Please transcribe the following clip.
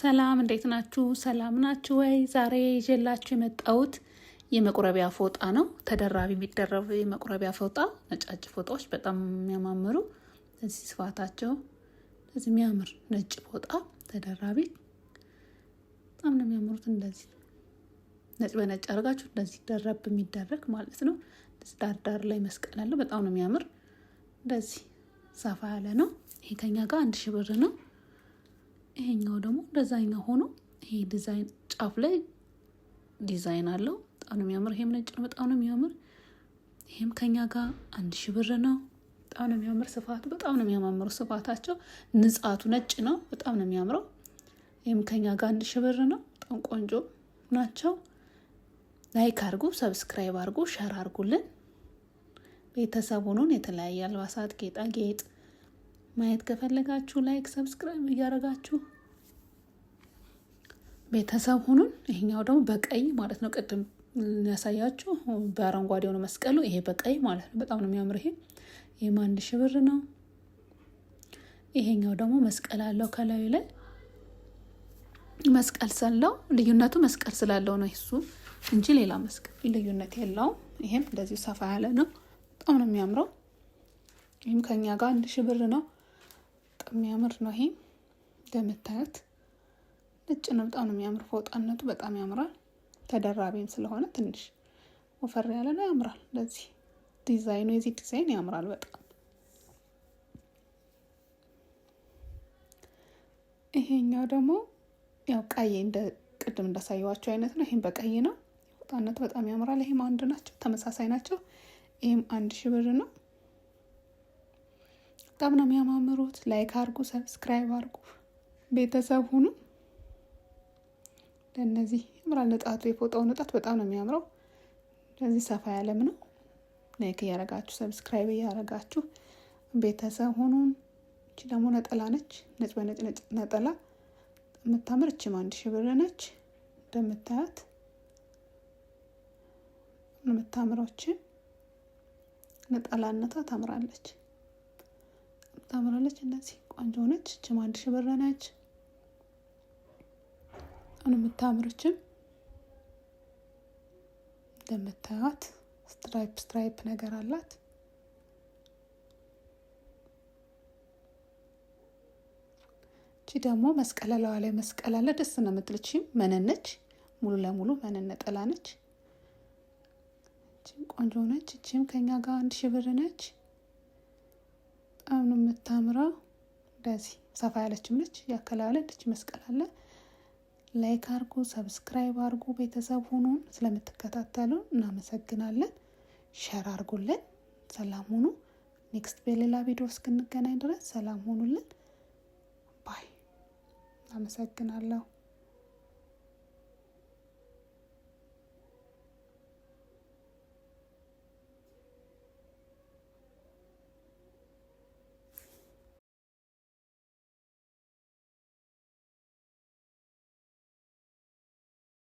ሰላም እንዴት ናችሁ? ሰላም ናችሁ ወይ? ዛሬ ይዤላችሁ የመጣሁት የመቁረቢያ ፎጣ ነው። ተደራቢ የሚደረብ የመቁረቢያ ፎጣ፣ ነጫጭ ፎጣዎች በጣም የሚያማምሩ እዚህ ስፋታቸው እዚህ የሚያምር ነጭ ፎጣ ተደራቢ በጣም ነው የሚያምሩት። እንደዚህ ነጭ በነጭ አድርጋችሁ እንደዚህ ደረብ የሚደረግ ማለት ነው። ዳር ላይ መስቀል አለው። በጣም ነው የሚያምር። እንደዚህ ሰፋ ያለ ነው። ይሄ ከኛ ጋር አንድ ሽብር ብር ነው። ይሄኛው ደግሞ እንደዛኛው ሆኖ ይሄ ዲዛይን ጫፍ ላይ ዲዛይን አለው። በጣም ነው የሚያምር። ይሄም ነጭ ነው። በጣም ነው የሚያምር። ይሄም ከኛ ጋር አንድ ሺ ብር ነው። በጣም ነው የሚያምር። ስፋቱ በጣም ነው የሚያማምረው። ስፋታቸው ንጻቱ ነጭ ነው። በጣም ነው የሚያምረው። ይህም ከኛ ጋር አንድ ሺ ብር ነው። በጣም ቆንጆ ናቸው። ላይክ አድርጉ፣ ሰብስክራይብ አድርጉ፣ ሸር አድርጉልን። ቤተሰቡኑን የተለያየ አልባሳት ጌጣጌጥ ማየት ከፈለጋችሁ ላይክ፣ ሰብስክራይብ እያደረጋችሁ ቤተሰብ ሁኑን። ይሄኛው ደግሞ በቀይ ማለት ነው። ቅድም ያሳያችሁ በአረንጓዴ ሆነ መስቀሉ ይሄ በቀይ ማለት ነው። በጣም ነው የሚያምር። ይሄ ይህም አንድ ሺህ ብር ነው። ይሄኛው ደግሞ መስቀል አለው ከላዩ ላይ መስቀል ስላለው ልዩነቱ መስቀል ስላለው ነው እሱ እንጂ ሌላ መስቀል ልዩነት የለውም። ይሄም እንደዚሁ ሰፋ ያለ ነው። በጣም ነው የሚያምረው። ይህም ከኛ ጋር አንድ ሺህ ብር ነው። የሚያምር ነው ይሄ እንደምታዩት ነጭ ነው። በጣም ነው የሚያምር። ፎጣነቱ በጣም ያምራል። ተደራቢም ስለሆነ ትንሽ ወፈር ያለ ነው ያምራል። ለዚህ ዲዛይኑ የዚህ ዲዛይን ያምራል በጣም ይሄኛው ደግሞ ያው ቀይ እንደ ቅድም እንዳሳየዋቸው አይነት ነው። ይህም በቀይ ነው። ፎጣነቱ በጣም ያምራል። ይህም አንድ ናቸው፣ ተመሳሳይ ናቸው። ይህም አንድ ሺ ብር ነው። በጣም ነው የሚያማምሩት። ላይክ አድርጉ፣ ሰብስክራይብ አርጉ፣ ቤተሰብ ሁኑ። ለእነዚህ ያምራል ንጣቱ፣ የፎጣው ንጣት በጣም ነው የሚያምረው። ለዚህ ሰፋ ያለም ነው። ላይክ እያረጋችሁ ሰብስክራይብ እያረጋችሁ ቤተሰብ ሁኑ እቺ ደግሞ ነጠላ ነች፣ ነጭ በነጭ ነጭ ነጠላ የምታምር እችም አንድ ሺህ ብር ነች። እንደምታያት የምታምረው ነጠላነቷ ታምራለች። ታምራለች። እንደዚህ ቆንጆ ነች። እችም አንድ ሺህ ብር ነች። አሁን የምታምርችም እንደምታያት ስትራይፕ ስትራይፕ ነገር አላት። እቺ ደግሞ መስቀለላዋ ላይ መስቀል አለ። ደስ ነው የምትልች መነነች። ሙሉ ለሙሉ መነነጠላ ነች። እቺም ቆንጆ ነች። እቺም ከኛ ጋር አንድ ሺህ ብር ነች። በጣም ነው የምታምረው። እንደዚህ ሰፋ ያለችም ነች፣ ያከላለች መስቀል አለ። ላይክ አርጉ፣ ሰብስክራይብ አርጉ፣ ቤተሰብ ሁኑን። ስለምትከታተሉ እናመሰግናለን። ሸር አርጉልን። ሰላም ሁኑ። ኔክስት በሌላ ቪዲዮ እስክንገናኝ ድረስ ሰላም ሁኑልን። ባይ። አመሰግናለሁ።